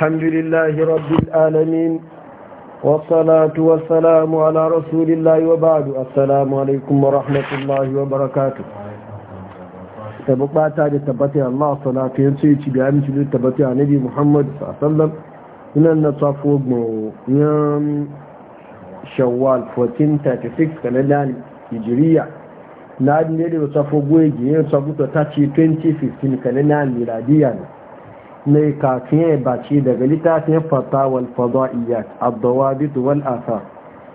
الحمد لله رب العالمين da tabbata Allah salatu yanzu ya ci bayan ci na tsafo mu yan Shawwal da tsafo goye ya ne kafin ya baci daga littafin fatawal fada'iyat ad-dawabit wal athar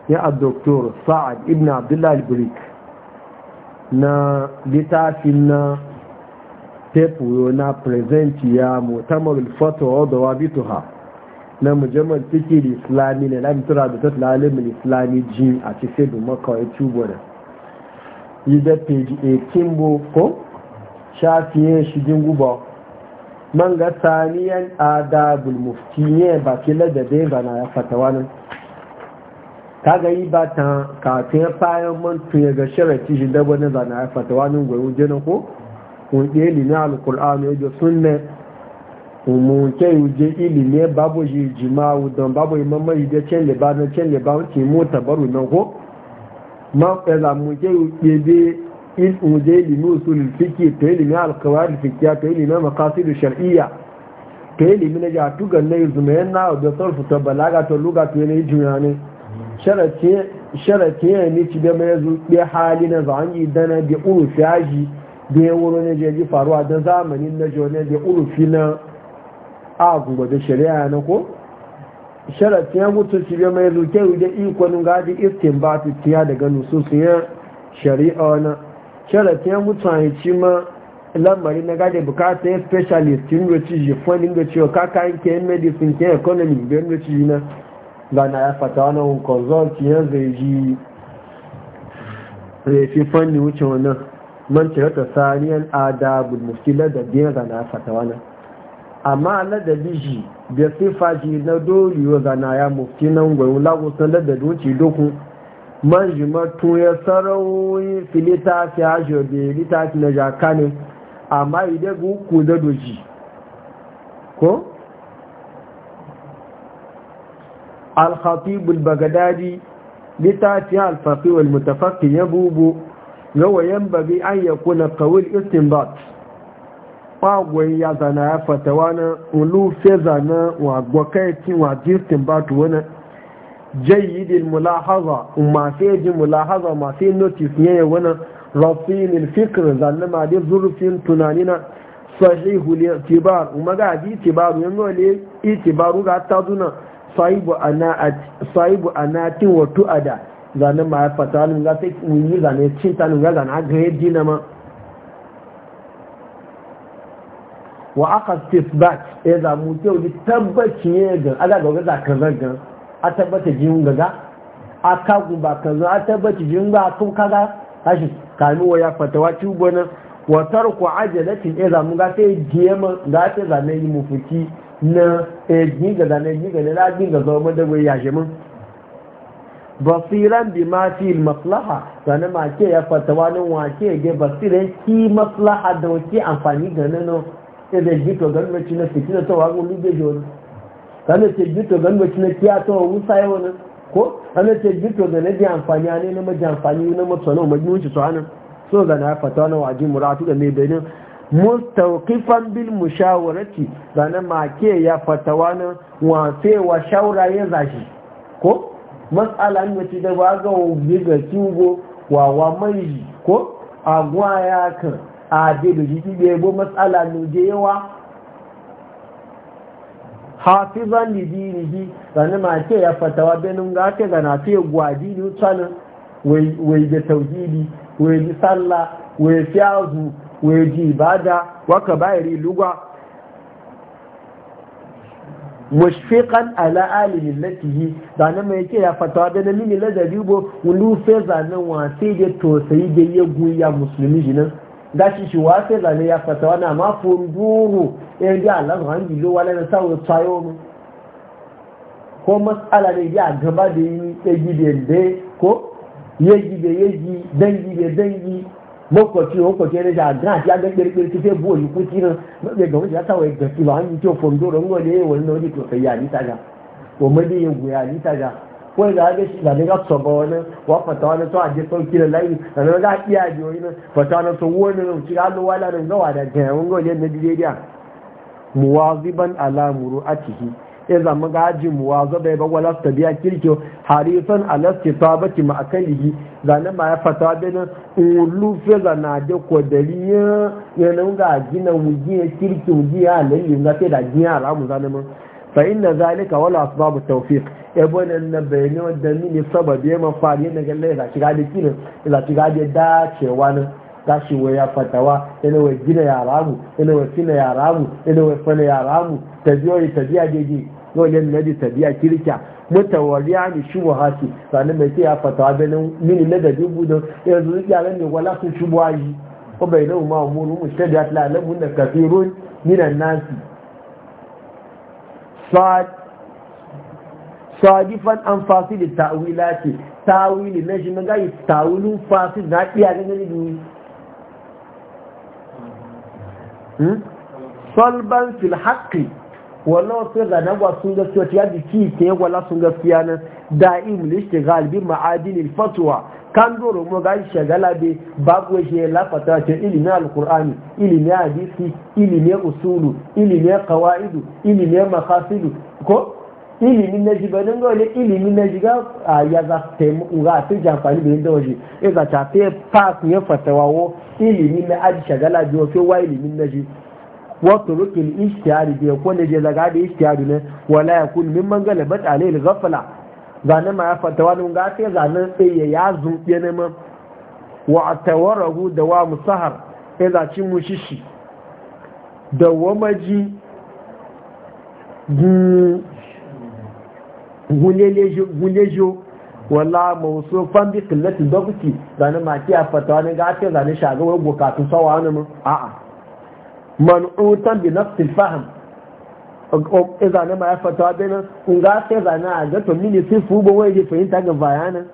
ya ad-doktor sa'ad ibn abdullah al-brik na littafin na tefuyo na present ya mutamar fatawa ha na mujammal fikir islami na lamitura da tattalin alimin islami jin a cikin makawai tubo da yi da page 18 ko shafiye shigin guba man ga saniyan adabul mufti ne ba kila da dai bana ya fata wani kaga yi ba ta kafin ya fayan man tuye ga sharaci shi dabo na zana ya fata wani gwai wuje na ko wuje ilimin alkur'an ya jo sunne umunke wuje ilimin babu shi jima'u don babu da can wuce ko in uje limi usulul fiki to ilimi alkawar fikiya to da makasidu shar'iyya yi limi na ja tu ganne zumayen na da sarfu ta balaga to luga to ne juya ne sharati ya ni ci da mai zu bi hali na zan yi dana urufi aji da ya wuro ne je ji faruwa don zamanin na jone da urufi na agugo da shari'a na ko sharati ya mutu ci da mai zu ke da ikonin gadi istinbatu tiya daga nususiyan shari'a na mutu a ci ma lamari na gada bukata ya specialist yin roci ji fonin da kaka kakayin ke medicine ke economy da yin yi na gana ya fata wani hun consult yan zai ji refi fanni wuce wannan man cire ta saniyan adabul mufti da na gana ya fata wani amma ladabi shi da sifa shi na doriyo gana ya mufti nan gwai lagosan ladabi wuce dokun man jimatu ya sarauyi filita fi hajjo da lita fi na jakane amma amma idan ku da doji ko? alhatibul bagadadi lita fi alfafi wal ya bubu yawayen babi an ya kuna kawil istinbat ƙwagwai ya zana ya fatawa na ulu fe zana wa gwakaitin wa jirtin batu wani jayyidil mulahaza ma sai ji mulahaza ma sai notice ne ya wani rafinil fikir zanne ma dai zurfin tunanina sahihu itibar ma ga ji itibaru yan gole itibaru ga ta duna sahibu ana sahibu ana tin wa tuada zanne ma fata nan ga sai mun yi zanne cin tanin zane a ga yaddi na ma wa aka istisbat ya zamu kyau ni tabbacin ya ga aga ga zakar zakar a tabbata jin gaga a kagu ba zo a tabbata jin ba kun kaza tashi kami waya fatawa ci nan wa tarku ajalatin idza eh, mun ga sai jema ga sai zane yi mufuki na e eh, giga na yi ne la giga zo mu da waya shi mun basiran bima fi al maslaha sanan ma ke ya fatawa nan wa ke ga basiran ki maslaha da wace amfani ga nan no sai eh, da gito ga mutum na fitina to wa go lube jona kana ce gito gan ba kina kiya to wusa yau nan ko kana ce gito na ji amfani ne na maji amfani na matsano majnuci to anan so ga na fata na waji muratu da mai bayanin mustawqifan bil mushawarati gana ma ke ya fatawa na wafe wa shawara ya zashi ko matsala ne wace da ba ga wuge ga tugo wa wa mai ko agwa ya kan a da jiki da yabo matsala ne da yawa hafizan lidinihi sannan ma ke ya fatawa benin ga ke gana ce gwaji ne wai da tauhidi wai da sallah wai fiyazu wai ji da waka bayari lugwa mashfiƙan ala alimin sannan ma ke ya fatawa benin mini bo wulufe zanen wa sai da tosayi da ya guya musulmi jinin gashi shi wasu zane ya fata wana ma funduru yan e, ji Allah hangi lo wala na sawo tsayo mu ko mas'ala ne ya gaba da yi ya e gide da ko ya gide ya gi dangi da dangi lokaci lokaci ne da ga ya ga kirkir kike buwa yi kuti nan ya ga wanda ya sawo ya ga ba hangi to funduru ngole wani ne wani to sai ya ni taga ko mai ya guya ta taga ko da ga shi zane ga so wani wa fata wani to a je sauki da layi sannan ga iya jiyoyi na fata na to wani na ci ga lowa da ga wada ta mun ga ya na didediya muwaziban ala muru'atihi ya zama gaji muwazo bai ba wala ta biya kirki harisan alasti tabati ma yi zane ma ya fata bin ulu fe zana de ko daliya yana ga gina wuji kirki wuji ya lalle ga te da gina alamu zane mun فإن ذلك ولا أسباب التوفيق يقول أن بيني والدمين السبب يما فارين قال لي إذا تقعد كينا إذا تقعد داتش tashi wai ya fatawa yana wai gina ya ramu yana wai fina ya ramu yana wai fana ya ramu tabiyoyi tabiya daidai yau yan nabi tabiya kirkiya mutawariya ne shi hasi. sanin mai ya fatawa benin mini da dabi budon yanzu ne wala sun shi buwaji ko bai ma mu da kafirun minan nasi sadifan an da ta'wila ce ta'wili na shi maga yi ta'wilin fasi na iya ganin ilimi hmm? salban fil haqqi wannan wasu zana gwa sun gaskiya ta yadda ki ke gwala sun gaskiya nan da'im lishtigal bi ma'adinil fatuwa kan doro mo ga shagala be babu je la fata ce ilimi alqur'ani ilimi hadisi ilimi usulu ilimi qawaidu ilimi maqasidu ko ilimi na jiba don ili ilimi na jiga a ya za ta yi ga ta jamfani da waje ya e za ta ta pass ya ili ilimi na aji shagala o fe wa ilimi na ji wato rukin ishtiyari bi ko na je da ishtiyari ne wala ya mimman galabat alayhi bat zane ma ya fata wani ga sai zane sai ya ya zuɓe neman wa a tawarahu da wa musahar ya zaci mushishi da wa maji gulejo wala mawuso fambi kilatin dokuti zane ma ya fata wani ga sai zane shagawar bukatun sawa wani a'a manu'utan bi nafsil fahim zane ma ya fatawa benin kun ga sai zane a ga to mini sai fu bon waje fahimta ga bayana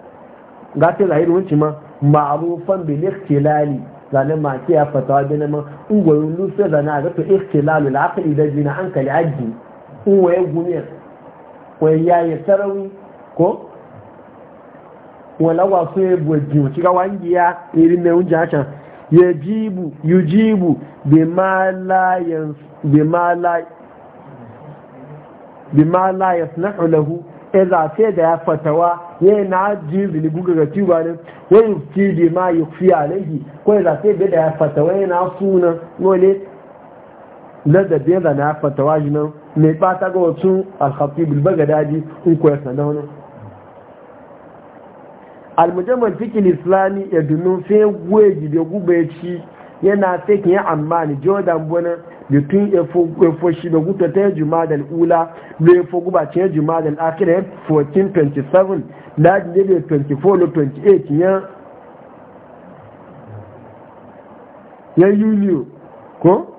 ga sai zahiri wuce ma ma'arufan bin ikhtilali zane ma ke ya fatawa benin ma in gwayo lu sai zane a ga to ikhtilalu al-aqli da jina hankali aji in waye gumiyar waye yayi sarawi ko wala wa so e boji o ti ga wangiya iri me unja cha yajibu yujibu bima la ma la bima la yasnahu lahu idza sai da ya fatawa yana ji zulubu ga tuba ne wa yufti bima a alayhi ko idza sai da ya fatawa yana suna wale na da na fatawa jinan mai bata ga wasu al-khatib al-baghdadi in ko ya sanar wannan almujammal fikil islami ya dunu sai gwe gube ci yana sai kin ya amma ni jordan bonan yutun efo shi da guta ta yi jumada al'ula da efo guba ce jumada al'akira 1427 da ne da 24-28 yan yan yuliyo ko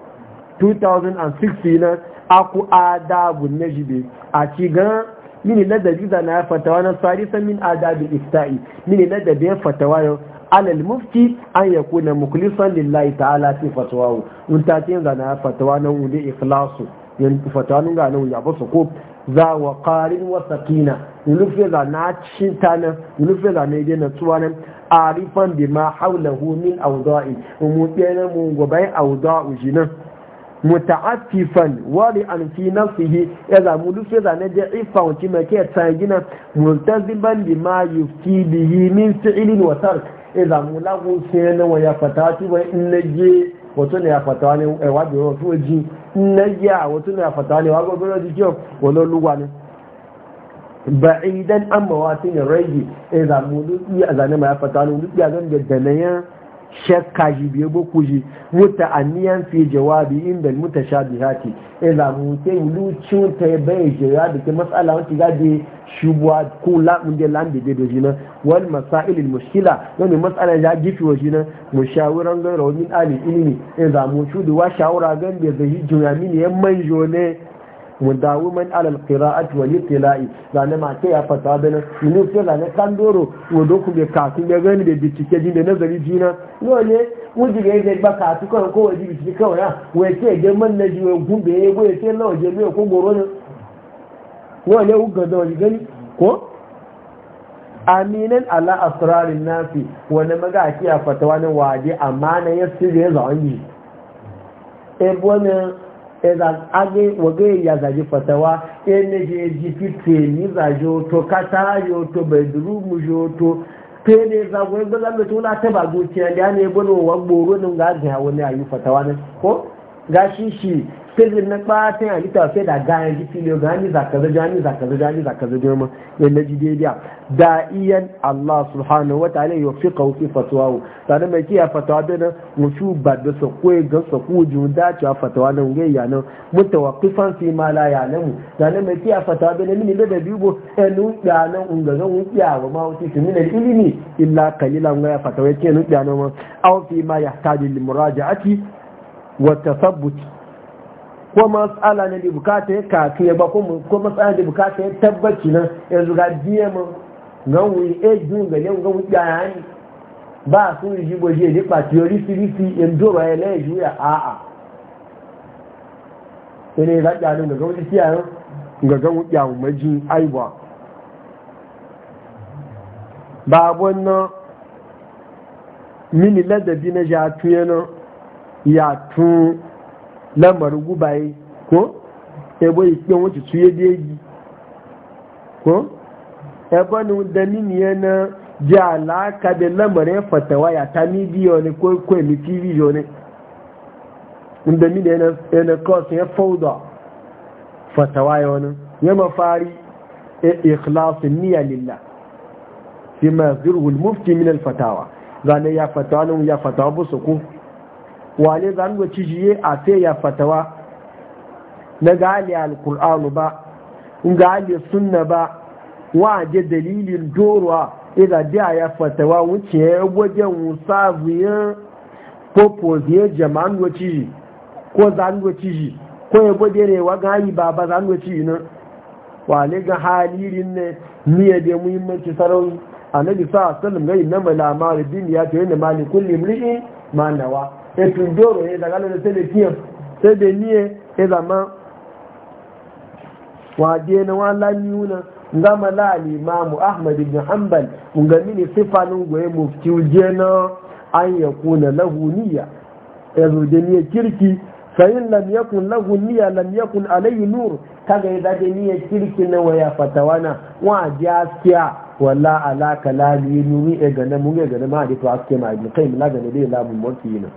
2006 na aku adabun na jide a ci gan mini ladabi zana ya fatawa na tsari san min adabin ifta'i mini ladabi ya fatawa yau alal mufti an ya kuna mukulisan lillahi ta'ala fi fatawahu in ta ce zana fatawa nan wunde ikhlasu yan fatawa nan ga nan ya basu ko za wa qarin wa sakina lufe zana cinta nan lufe zana yake na tsuwa nan arifan bima hawlahu min awda'i mu tsere mu gobai awda'u jinan muta'attifan wari an fi nafsihi ya zamu rufe zane da ifa wuce mai ke tsagina multaziban bima yufti bihi min fi'ilin wa tark e zamu lagun sai na waya fata ti bai in wato ne ya fata ne e wa biro e to ji wato ne ya fata ne wa biro ni. jo wala luwa ne ba'idan amma watin rayi e zamu lu ya zane ma ya fata shakka ji biye boku ji muta aniyan fi jawabi inda mutashabihati ila eh, mutai lucu ta bai jira da ke matsala wata gade shubwa ko la mun je lande de jina wal masail al mushkila wani matsala ya gifi wa jina mushawiran gairo min ali ilimi ila eh, mu shudu wa shawara gan da zai jira min yan manjo ne mudawuman alal qira'ati wa litla'i zane ma ke ya fata bana ni ce zane kan doro wo do ku be ka ku be gani be bitike din da nazari jina no ne ji ga ga ba ka ku ko ko ji bitike ko ya wo ke ga man na ji wo gun be go ye sai lawo je be ko goro ne wo ne u ga da gani ko aminan ala asrarin nafi wani maga ke ya fata wani waje amana ya sirri ya zawon yi ebo idan agi waje ya zaji fatawa ene je ji fitre ni zaji to kata yo to bedru mu jo to pele za go go lalle to na taba go ci ne bono wa boro nun ga ga wani ayu fatawa ne ko ga shi filin na ɓatan halitta sai da gayan ji filiyo ga hannu e za kaza jami za kaza jami za kaza jami yan e na jidediya e da iyan Allah subhanahu wa ta'ala ya fi kawfi fatawa tare mai kiya fatawa bai nan musu ba da sako ga sako jun dacewa fatawa nan gai ya nan mutawaqqifan fi ma la ya'lamu tare mai kiya fatawa bai nan mini da bibo enu ya nan ungaga wuya wa ma wuti min ilimi illa qalilan ga fatawa ke nu ya nan ma aw fi ma yahtaju lil muraja'ati wata tathabbut ko matsala ne da bukata ya kafi ya ba ko matsala da bukata ya tabbaci nan eh, ya zuga biya mu gan wuyi e jun ga yau gan wuya ya ba su yi jibo ne ba teori sirisi in do ba ya juya a a sai ne za ƙyanin ga gan wuya kiyaye ga gan wuya mu maji aiwa ba wannan mini ladabi na jatu yana ya tun lamarin gubaye ko ebo ikpe wuce tuye deji ko ebo ni dalili yana ala alaka da lamarin fatawa ya ta ni biyo ne ko ko mi ti biyo ne inda mi ne yana kawai ya fauda fatawa ya ya mafari ikhlasin niyya lillah fi ma zirgul mufti min alfatawa zane ya fatawa nan ya fatawa bu su wale za mu ci jiye a fe ya fatawa na gali alkur'anu ba gali sunna ba waje dalilin dorwa ida da ya fatawa wuce wajen sabiyan popoziyar jama'an waciji ko zan waciji ko ya gwade ne wa gani ba ba zan waciji nan wale ga halirin ne niya da muhimmanci sarauni annabi sa sallam ga na malamar rubin ya ce inna malikul limri'in ma nawa ètò ìjọ́rò yẹ ìdàgálò lè tẹ́lẹ̀ kí tẹ́ ní ẹ wà na wọ́n láníú na ngama imamu ahmad ibn hanbal nga mini sifanin gwaye mufti uje an ya kuna lahu niyya ya zuje kirki sayin lam yakun lahu niyya lam yakun alayhi nur kaga ya zage kirki na waya fatawana wa jaskiya wala ala kalami nuri e gane mun e gane ma hadith wa aske ma ibn qayyim la gane dai labun murti na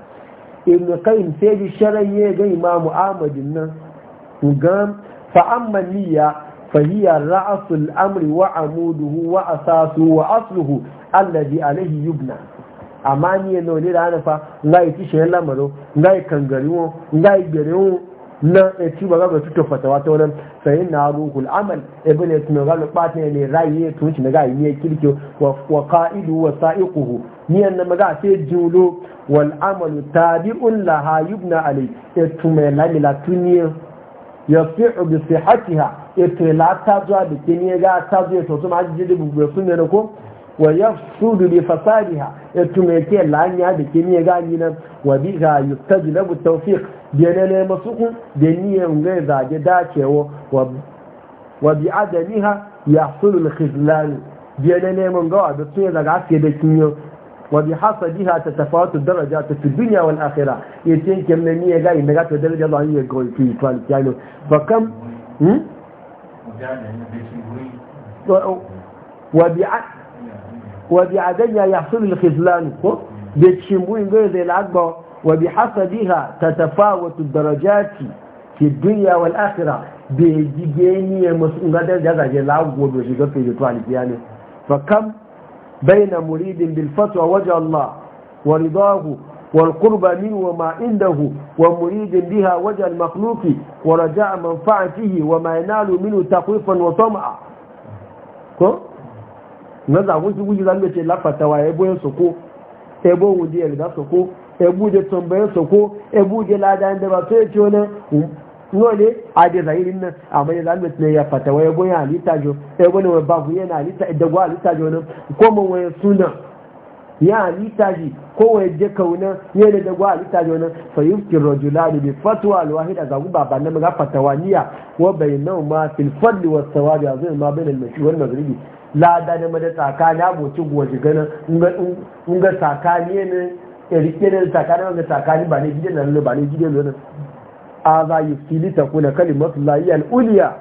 ibn qayyim sai ji sharayye ga imamu ahmad nan gam fa amma niyya fa hiya ra'sul amri wa amuduhu wa asasuhu wa asluhu alladhi alayhi yubna amma ni ne ne da na fa ngai kishi lamaro ngai kangariwo ngai gerewo na ya e ci ba gaba tuto fatawa ta wannan sai na ruhul amal e ibn ya tuno gaba bata ne rayi ya tunci na ga yi kirki wa qa'idu wa sa'iquhu ni an na maga sai julo wal amalu tabi'un laha yubna alai e ya tume la mila tuniya yafi'u bi sihhatiha ya tela ta zuwa da kiniya ga ta zuwa to ma jidi bu bu sunne ko wa yafsudu bi fasadiha yato mai ke lanya da ke ne gani nan wa na yustajlabu tawfiq bi ne masukun da niyan ga zage dacewa wa bi adamiha yahsulu al-khizlan bi ne mun ga da sai daga ake da kinyo wa bi hasadiha tatafawatu darajatu fi dunya wal akhirah yatin kem ne ne ga inda ga to daraja Allah ya go fi fal Ba kam hmm? wa bi وبعدين يحصل الخذلان بتشمبو غير العقبة وبحسبها تتفاوت الدرجات في الدنيا والآخرة بجيني مسؤولة هذا جزا جلاو وبيجي في جوال يعني فكم بين مريد بالفتوى وجه الله ورضاه والقرب منه وما عنده ومريد بها وجه المخلوق ورجاء منفعته وما ينال منه تخويفا وطمعا na zagun ki guji zan ce wa ya yin soko ebo wuje ya rida soko ebu je tambaye soko ebu je ladan da ba so ya ce wani nole a da zahirin nan a mai zalmet ne ya wa ya yin halitta jo ebo ne wani babu yana halitta idan gwa halitta jo nan ko mun waye suna ya halitta ji ko waye je kauna ya da gwa halitta jo nan fa yufti rajulani bi fatwa al wahida zagu baba nan ga fatawaniya wa bainahuma fil fadli was a zai ma bainal mashi wani maghribi lada na mada tsakani abokin gwaji ganin unga tsakani ne rike ne tsakani wanda tsakani ba ne gidan na ba ne gidan nan a za yi fili ta kuna kalimatu layi al'uliya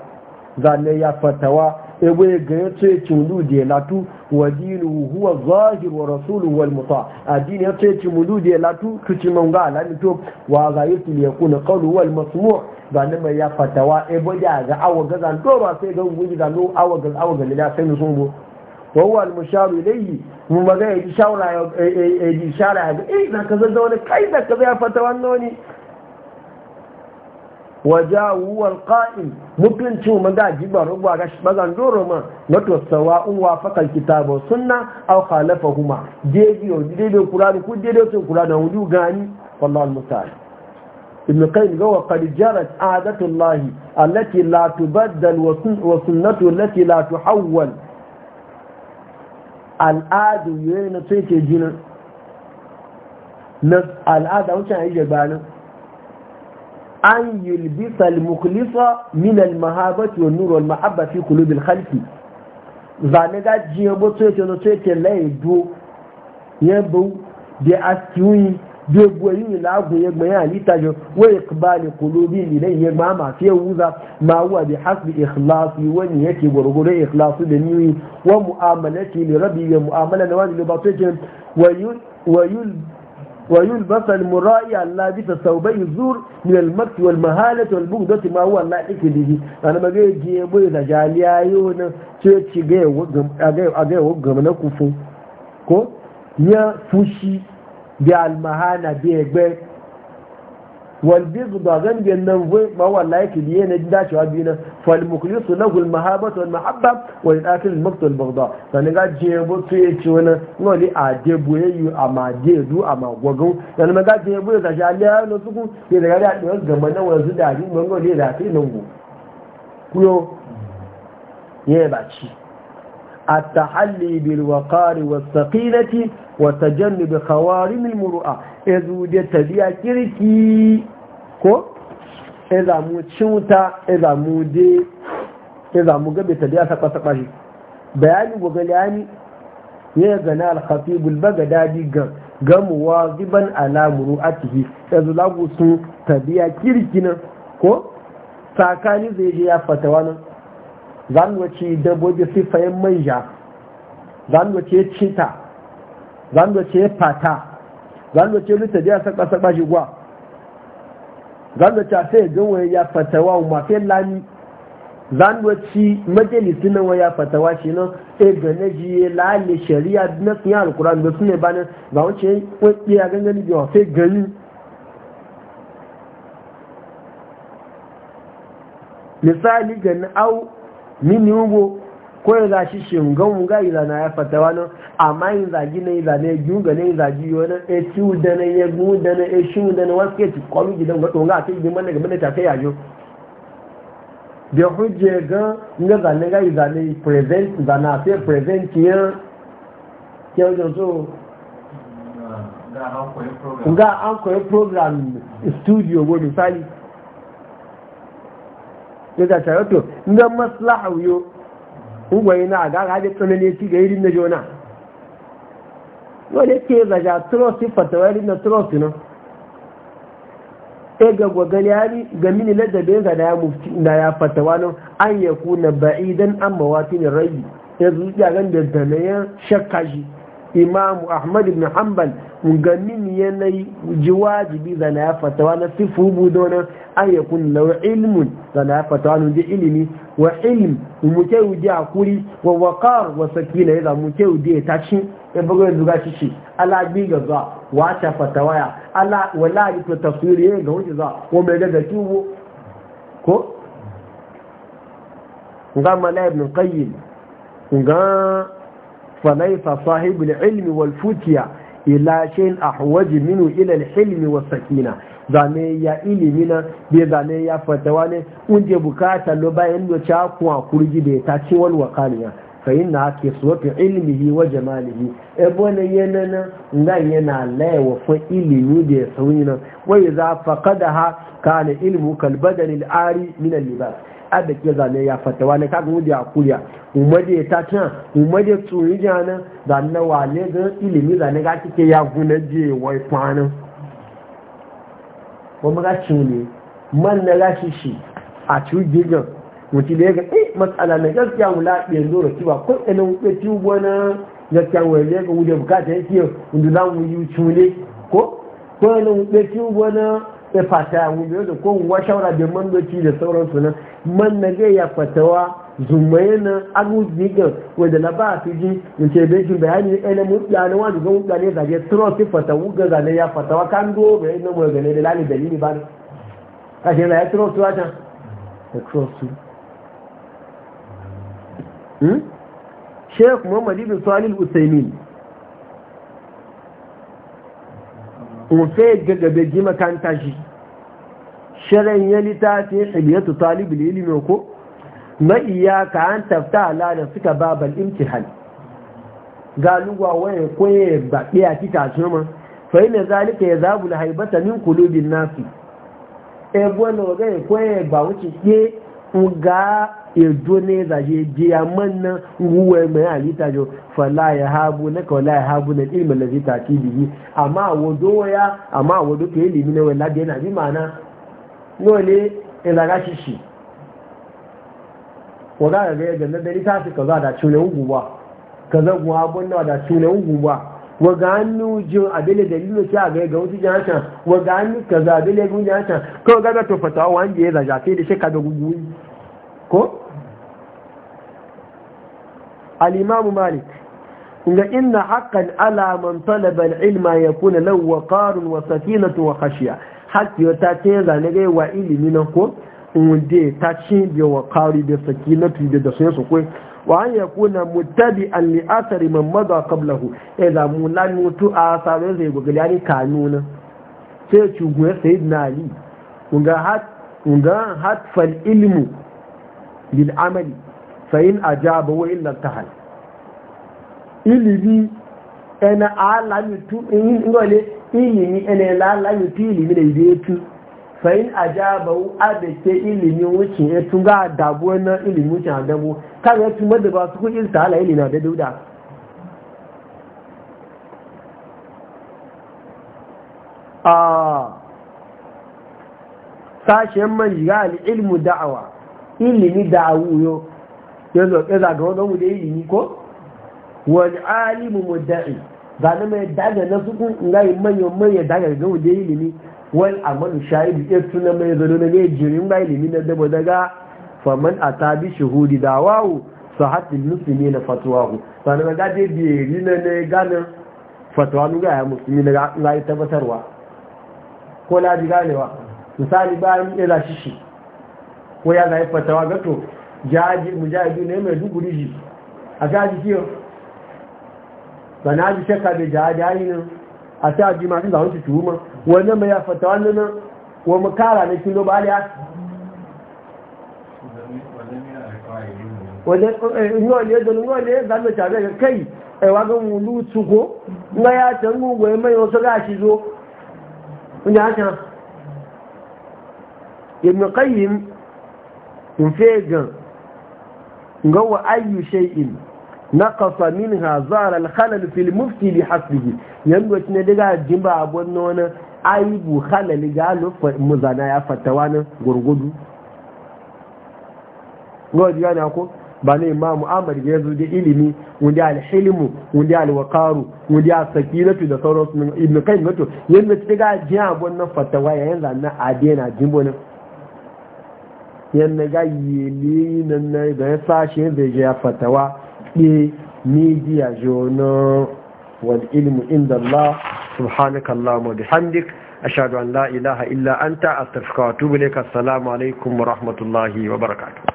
zane ya fatawa ebe ganye tsaye mulu da ya latu wa dinu huwa zahir wa rasulu wal muta addini ya tsaye mulu da ya latu tuci man ga to wa ga yi tuli ya kuna kalu wal masmu ga ni mai ya fatawa ebe da ga awa ga zan ba sai ga guji ga no awa ga awa ga lila sai sun go wa huwa al musharu ilayhi mu maga ya shawara ya e, e, e, ji shawara ya ga eh na zan da wani kai zaka zai fatawa noni wajawu wal qa'im mutunci mu ga jibar ruwa ga bazan doro ma nato sawa un wa fakal kitabu sunna aw khalafahuma jeji o dede ku ku dede to qur'ani wudu gani wallahi mutal ibn qayyim ga qad jarat adatu llahi allati la tubaddal wa sunnatu allati la tuhawwal al'adu yana sai ke jina na al'ada wucin ayyuka bayanin an yulbisa al-mukhlisa min al-mahabati wan nur wal mahabba fi qulubil khalqi zane ga jiyan bo to yake no to yake lai du ye bu de asiwi de gwoyin lagun ye gbe ali tajo wa iqbal qulubi ilayhi ma ma fi wuza ma huwa bi hasbi ikhlasi wa yake gurgure ikhlasu da niyi wa mu'amalati li rabbi wa mu'amala nawazil ba to yake wa yul ويلبس المرائي اللابس ثوبي الزور من المكت والمهالة والبغضة ما هو اللائق به أنا ما جاي جيبو إذا جالي عيونا تشي جاي وقم أجاي وقم نكفو كو يا فوشي بيع المهانة بيه بيه walbizda zangen nan ma wallahi ki biye na gida cewa biyu na falmukulisu na hulma habata wani mahabba wani ɗafin maktul bagda sani ga jebu su ya ce wani nwani a jebu ya yi a ma jedu a ma gwagun sani ga jebu ya zashi aliyar yana suku ya daga da ɗaya gama nan wani su dari ma nwani ya zafi nan go kuyo ya yi baci a ta halli bil wakari wa saƙinati wa ta jannu da kawarin mil muru'a ya zuɗe tabiya kirki ko ya zamu cinta ya zamu de ya zamu gabe tabiya ta sakwa shi bayani gogaliyani ya gana alhatibul baga daji ga gamuwa ziban alamuru a ciki ya lagu su tabiya kirki nan ko sakani zai je ya fatawa nan zanwace dabbobi siffayen manja zanwace cita wace fata zan da ce lita biya saka saka shi gwa zan da ta sai gan waya ya fatawa ma sai lani zan da ci majalisi nan ya fatawa shi nan e ga na ji lalle shari'a na sun alquran da sunne ba nan ga wace wani ya gangani ga sai gani misali ga na au mini ugo ko ya zashi shingon ga izana ya fata wani amma yin zagi na izana ya yi ga na yin zagi wani a e ciwu da na ya e gu da na ya e shiwu da na wasu keci ci gidan ga tsohon a cikin yi mana gaba da tafiya yajo da hujje ga nga zane ga izana present zana sai present ya ke wajen so ga an koyi program studio go misali ya ga tare to nga maslaha yau ugwayi na aga ga jitsa ne ci ga irin na jona wani ke zaja turosi fatawa irin na turosi nan e ga gwagali hari ga mini ya ga na ya fatawa nan an yaku na ba'idan an mawatin rai ya e zuciya a gan da ya shakka shi imamu ahmad ibn hanbal ga yanayi ji wajibi zana ya fatawa na sifu budona an ya kun lau ilmun zana ya fatawa na ji ilimi wa ilm muke wuji a kuri wa wakar wa sakina yadda muke wuji ya tashi ya bugu ya zuga shi ala bi ga za wa ta fatawa ya ala wala yi ta tafsiri ya ga wuce za ko mai daga tubo ko ga malayar ibn ga falaisa sahibul ilmi wal futiya ila shayin ahwaji minu ila ilmi sakina zane ya ilimi na bai zane ya fatawa ne unje bukata lo bayan lo cha kuwa kurji da ta ci wani waqaniya fa inna ke suwatu ilmihi wa jamalihi e bone yana na ngan yana laiwa fa ilimi da sauni na wai za faqadaha kana ka kal badal al ari min al libas ada ke zane ya fatawa ne kaga wudi akuya umade ta can umade tsuri jana zane wa wale ga ilimi zane ga kike ya guna je wai kwanan kuma ga ne man na ga shi shi a cikin mutum da ya ga eh matsala na gaskiya mu lafiya zo da ba, ko ina mu ci gona gaskiya mu ne ga wuje bukata yake inda za mu yi cule ko ko ina mu ci gona ya fata mu da ko wa shawara da man da ci da sauransu nan man na zai ya fatawa zumaye na aguzigan wadda na ba a fiji wuce da shi bayani ya ɗaya mutu yana wani zan mutla ne zage trofi fatawu ga zane ya fatawa kan dobe ya nan gane da lalin dalili ba ne kashe na ya trofi wata da trofi hmm? sheikh muhammad ibn salil usaimin mu fai gagabe ji makanta shi shirin ya littafi hibiyatu talibul ilimi ko ma iyaka an tafta ala suka babal imtihan galuwa waye koye ba ɗaya kika ce ma fa ina zalika ya zabu na haibata min kulubin nasi e bono ga koye ba wuce ke ga edo ne zaje je ya manna nguwe mai alita jo fala ya habu na ka wala ya habu na ilmin da zai taki amma wodo ya amma wodo ke ilimi na wani da yana bi mana nole ilaga shishi wadda da gaya ganda da ta fi kaza da cune ugu ba kaza guwa abunna da cune ugu ba waga hannu jin abele dalilin sai a gaya ga kawai gaga to fatawa da shekka da malik ga inna haqqan ala man talaba al-ilma yakuna lahu waqarun wa sakinatu wa khashiya hakki ta ce ga wa ilimi na ko unde ta ci bi waqari bi sakinatu da sun su ko wa an yakuna an li athari man mada qablahu idza mulanu tu asabe zai gogali ani kanuna sai cugun sayyidina ali kunga hat kunga hatfal ilmu lil'amali amali fa in ajaba wa illa tahal Ah. ilimi ena alamitu ngole ilimi ena la etu ilimi da yetu fain ajabahu abeke ilimi wucin etu ga dabu na ilimi wucin adabu kaga etu madda ba su ala ilimi na da duda wani alimu mudda'i na mai daga na suku yi manyan manya daga ga wuje ilimi wani amalu shahidu ya suna mai zano na mai jirin ba ilimi na dabo daga faman a tabi shahudi da wawu su hatin musulmi na fatuwahu zane mai gaje biyari na na gane fatuwa nuga ya musulmi na ga yi tabbatarwa ko na ji ganewa misali bayan ya zashi shi ko ya zai fatawa gato jaji mujahidi ne mai dubu rishi a jaji kiyo bana ji shakka bai ja jayi nan a ta ji ma kinga wanci tuhuma wannan mai ya fata wannan nan wa mu kara ne kilo ba ya wannan ngo ne don mu ne zan ta ga kai ai eh, wa ga mu lu tsuko nga ya tan mu go mai wasu ga shi zo kun ya ta ibn qayyim in fegan ga wa ayyu shay'in نقص منها ظهر الخلل في المفتي بحسبه ينقو تندقى جنبا أبوانونا عيب خلل قالوا مزانا فتوانا غرغدو قد يعني أقول bane imamu amar ya zo da ilimi wanda alhilmu wanda alwaqaru wanda sakinatu da sauransu ibn qayyim wato yanda ta ga jiya wannan fatawa yayin yanzu na adena jimbo ne yanda ga yeli nan da ya sashi zai je fatawa be media jono wal ilmu inda Allah subhanaka Allahumma wa la ilaha illa anta astaghfiruka wa atubu ilaik assalamu alaikum wa rahmatullahi wa barakatuh